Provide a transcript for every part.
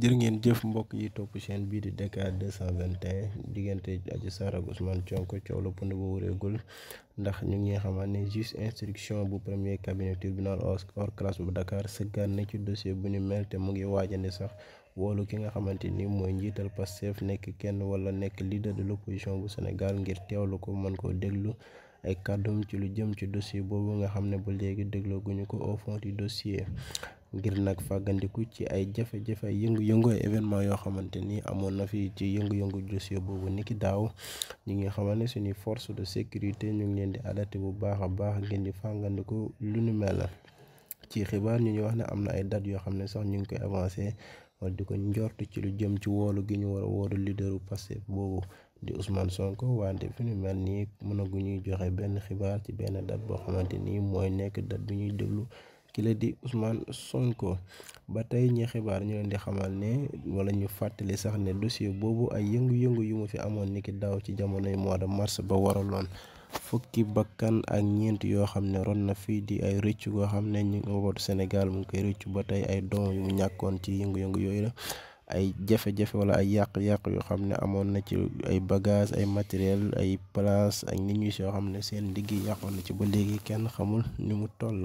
jër ngeen jëf mbokk yi topp chaîne bii di vingt 221 diggante Adji Sarr ak Ousmane Sonko coow la pënd ba wureegul ndax ñu ngi xamal ne juste instruction bu premier cabinet tribunal hors classe bu Dakar sëggaat na ci dossier bu ñu mel te mu ngi waajandi sax woolu ki nga xamante ni mooy njiital Pastef nekk kenn wala nekk leader de l'opposition bu Sénégal ngir teewlu ko mën koo déglu ay kàddum ci lu jëm ci dossier boobu nga xam ne bu léegi dégloo ko au fond du dossier ngir nag fàggandiku ci ay jafe-jafe yëngu-yëngu ay événement yoo xamante ni amoon na fi ci yëngu-yëngu dossier boobu niki daaw ñu ngi xamal ne suñuy force de sécurité ñu ngi leen di alerté bu baax a baax ngeen di fàggandiku lu nu mel la ci xibaar ñu ñu wax ne am na ay date yoo xam ne sax ñu ngi koy avancé wala di ko njort ci lu jëm ci woolu gi ñu war a woolu leaderu Pastef boobu di Ousmane Sonko wante fi ñu mel nii mënaguñuy joxe benn xibaar ci benn date boo xamante ni mooy nekk date bi ñuy déglu ki la di Ousmane Sonko ba tey ñi xibaar ñu leen di xamal ne wala ñu fàttali sax ne dossier boobu ay yëngu-yëngu yu mu fi amoon niki daaw ci jamonoy mois de mars ba waraloon fukki bakkan ak ñeent yoo xam ne ron na fii di ay rëcc goo xam ne ñu ngi wootu Sénégal mu ngi koy rëccu ba tey ay doom yu mu ñàkkoon ci yëngu-yëngu yooyu la. ay jafe-jafe wala ay yàq-yàq yoo xam ne amoon na ci ay bagage ay matériel ay place ak nit ñi yoo xam ne seen liggéey yàqoon na ci ba léegi kenn xamul ñu mu toll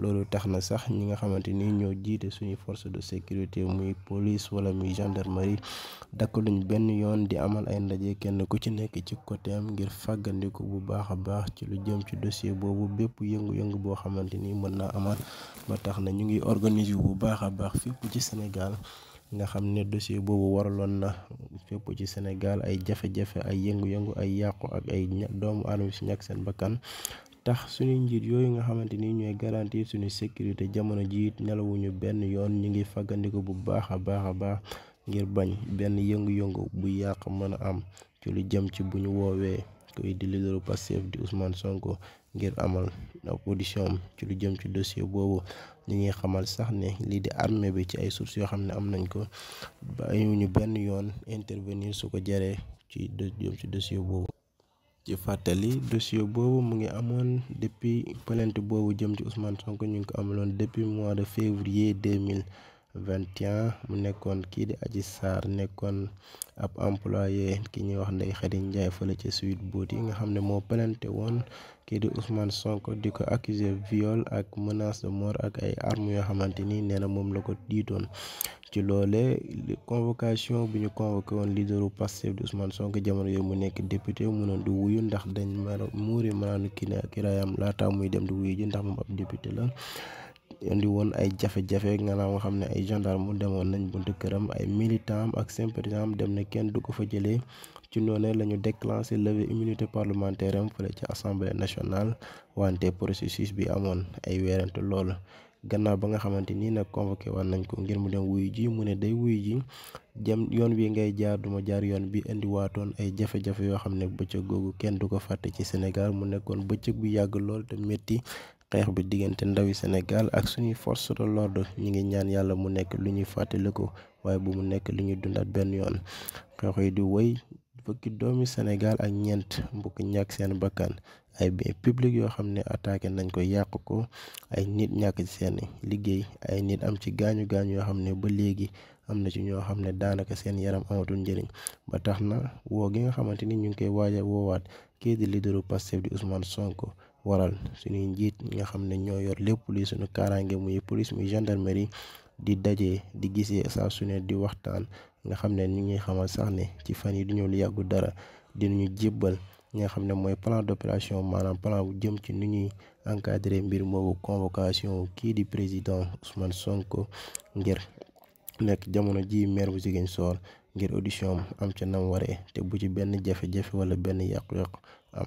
loolu tax na sax ñi nga xamante ni ñoo jiite suñuy force de sécurité muy police wala muy gendarmerie dakkaluñ benn yoon di amal ay ndaje kenn ku ci nekk ci côtéem ngir fàggandiku bu baax a baax ci lu jëm ci dossier boobu bépp yëngu-yëngu boo xamante ni mën naa amal ba tax na ñu ngi organiser bu baax a baax fépp ci Sénégal nga xam ne dossier boobu waraloon na fépp ci Sénégal ay jafe-jafe ay yëngu-yëngu ay yàqu ak ay doomu aadama si ñàkk seen bakkan tax suñuy njiit yooyu nga xamante ni ñooy garantir suñu sécurité jamono jiit nelawuñu benn yoon ñu ngi faggandiku bu baax a baax a baax ngir bañ benn yëngu-yëngu bu yàq mën a am ci lu jëm ci bu ñu woowee kuy di leaderu Pastef di Ousmane Sonko ngir amal audition am ci lu jëm ci dossier boobu ñu ngi xamal sax ne lii di armée bi ci ay sources yoo xam ne am nañ ko bàyyiwuñu benn yoon intervenir su ko jaree ci jëm ci dossier boobu. ci fàttali dossier boobu mu ngi amoon depuis plainte boobu jëm ci Ousmane Sonko ñu ngi ko ameloon depuis mois de février 2000. 21 mu nekkoon kii di aji Sarr nekkoon ab employé ki ñuy wax Ndeye Khady la ci ca Sweet yi nga xam ne moo plainte woon kii di Ousmane Sonko di ko accusé viol ak menace de mort ak ay armes yoo xamante ni nee na moom la ko diitoon ci loole convocation bi ñu convoqué woon leaderu Pastef di Ousmane sonk jamono yooyu mu nekk député mënoon di wuyu ndax dañ mara muuri maraanu kii ne ak kiraayam laata muy dem di wuyu ji ndax moom ab député la indi woon ay jafe-jafe maanaam nga xam ne ay gendarme demoon nañ buntu këram ay militant ak sympathisant dem ne kenn du ko fa jëlee ci noonu la ñu déclenché levée immunité parlementaire am fële ci assemblée nationale wante processus bi amoon ay weerante lool. gannaaw ba nga xamante nii nag convoqué woon nañ ko ngir mu dem wuy ji mu ne day wuy ji jëm yoon wi ngay jaar duma jaar yoon bi indiwaatoon ay jafe-jafe yoo xam ne bëccëg googu kenn du ko fàtte ci Sénégal mu nekkoon bëccëg bu yàgg lool te métti xeex bi diggante ndawi Sénégal ak suñuy force de l'ordre ñi ngi ñaan yàlla mu nekk lu ñuy fàttaliku waaye bu mu nekk lu ñuy dundaat benn yoon xeex yi di woy fukki doomi Sénégal ak ñeent mbokk ñàkk seen bakkan ay biens yoo xam ne attaqué nañ ko yàq ko ay nit ñàkk ci seen liggéey ay nit am ci gaañu gaañu yoo xam ne ba léegi am na ci ñoo xam ne daanaka seen yaram amatul njëriñ ba tax na woo gi nga xamante ni ñu ngi koy waaj woowaat kii di leaderu Pastef di Ousmane Sonko waral suñuy njiit nga xam ne ñoo yor lépp luy suñu kaaraange muy police muy gendarmerie di daje di gisee saa su di waxtaan nga xam ne ñu ngi xamal sax ne ci fan yi du ñëw lu yàggu dara dina ñu jébbal nga xam ne mooy plan d'opération maanaam plan bu jëm ci nu ñuy encadrer mbir moobu convocation kii di président Ousmane Sonko ngir nekk jamono ji maire bu Ziguinchor ngir audition am ca nam waree te bu ci benn jafe-jafe wala benn yàqu-yàqu am.